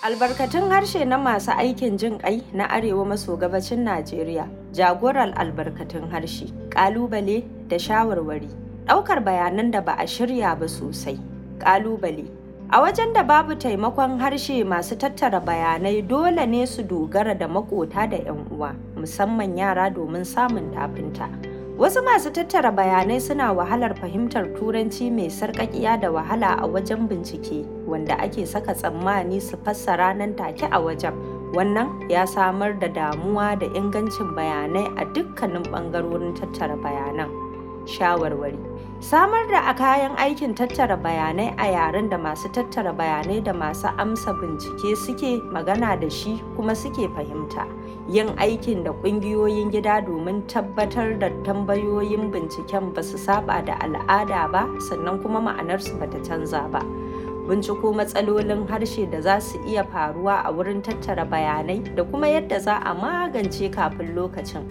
Albarkatun harshe na masu aikin jin ƙai na Arewa maso gabacin Najeriya, jagorar albarkatun harshe, ƙalubale da shawarwari, ɗaukar bayanan da ba a shirya ba sosai, ƙalubale. A wajen da babu taimakon harshe masu tattara bayanai dole ne su dogara da makota da 'yan uwa, musamman yara domin samun tafinta. Wasu masu tattara bayanai suna wahalar fahimtar Turanci mai sarƙaƙiya da wahala a wajen bincike. wanda ake saka tsammani su fassara nan take a wajen wannan ya samar da damuwa da ingancin bayanai a dukkanin ɓangarorin tattara bayanan shawarwari samar da a kayan aikin tattara bayanai a yaren da masu tattara bayanai da masu amsa bincike suke magana da shi kuma suke fahimta yin aikin da ƙungiyoyin gida domin tabbatar da tambayoyin binciken ba su saba da al'ada ba sannan kuma ma'anarsu ba ta canza ba binciko matsalolin harshe da za su iya faruwa a wurin tattara bayanai da kuma yadda za a magance kafin lokacin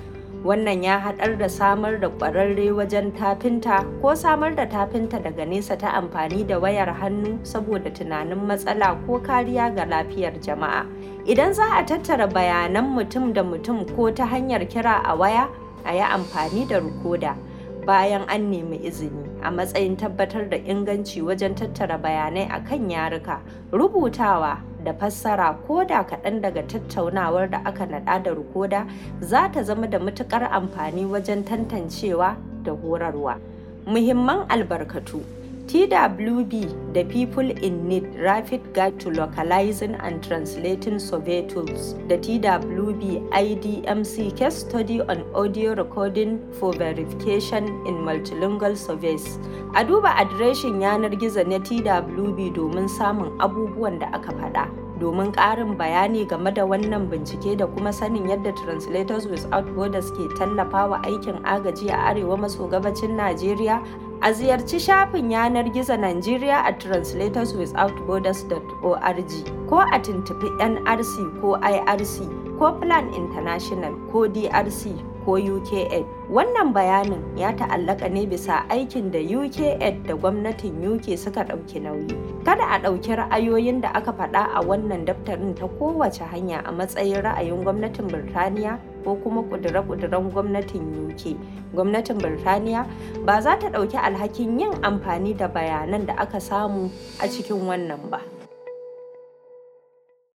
wannan ya haɗar da samar da ƙwararre wajen tafinta ko samar da tafinta daga nesa ta amfani da wayar hannu saboda tunanin matsala ko kariya ga lafiyar jama'a idan za a tattara bayanan mutum da mutum ko ta hanyar kira a waya a yi amfani da rikoda bayan an nemi izini a matsayin tabbatar da inganci wajen tattara bayanai a kan yaruka, rubutawa, da fassara ko da kaɗan daga tattaunawar da aka naɗa da rikoda za ta zama da matuƙar amfani wajen tantancewa da horarwa. Muhimman albarkatu TWB, the People in Need Rapid Guide to Localizing and Translating Survey Tools, the TWB IDMC Case Study on Audio Recording for Verification in Multilingual Surveys. A duba adireshin yanar gizo na TWB domin samun abubuwan da aka faɗa. domin ƙarin bayani game da wannan bincike da kuma sanin yadda translators without borders ke tallafawa aikin agaji a arewa maso gabacin najeriya A ziyarci shafin yanar gizo Nigeria at translatorswithoutborders.org ko a tuntuɓi NRC ko IRC ko Plan International ko DRC. ko UKAID. Wannan bayanin ya ta'allaka ne bisa aikin da UKAID da gwamnatin UK suka ɗauki nauyi. Kada a ɗauki ra'ayoyin da aka faɗa a wannan daftarin ta kowace hanya a matsayin ra'ayin gwamnatin Birtaniya ko kuma kudure-kuduren gwamnatin UK. Gwamnatin Birtaniya ba za ta ɗauki alhakin yin amfani da bayanan da aka samu a cikin wannan ba.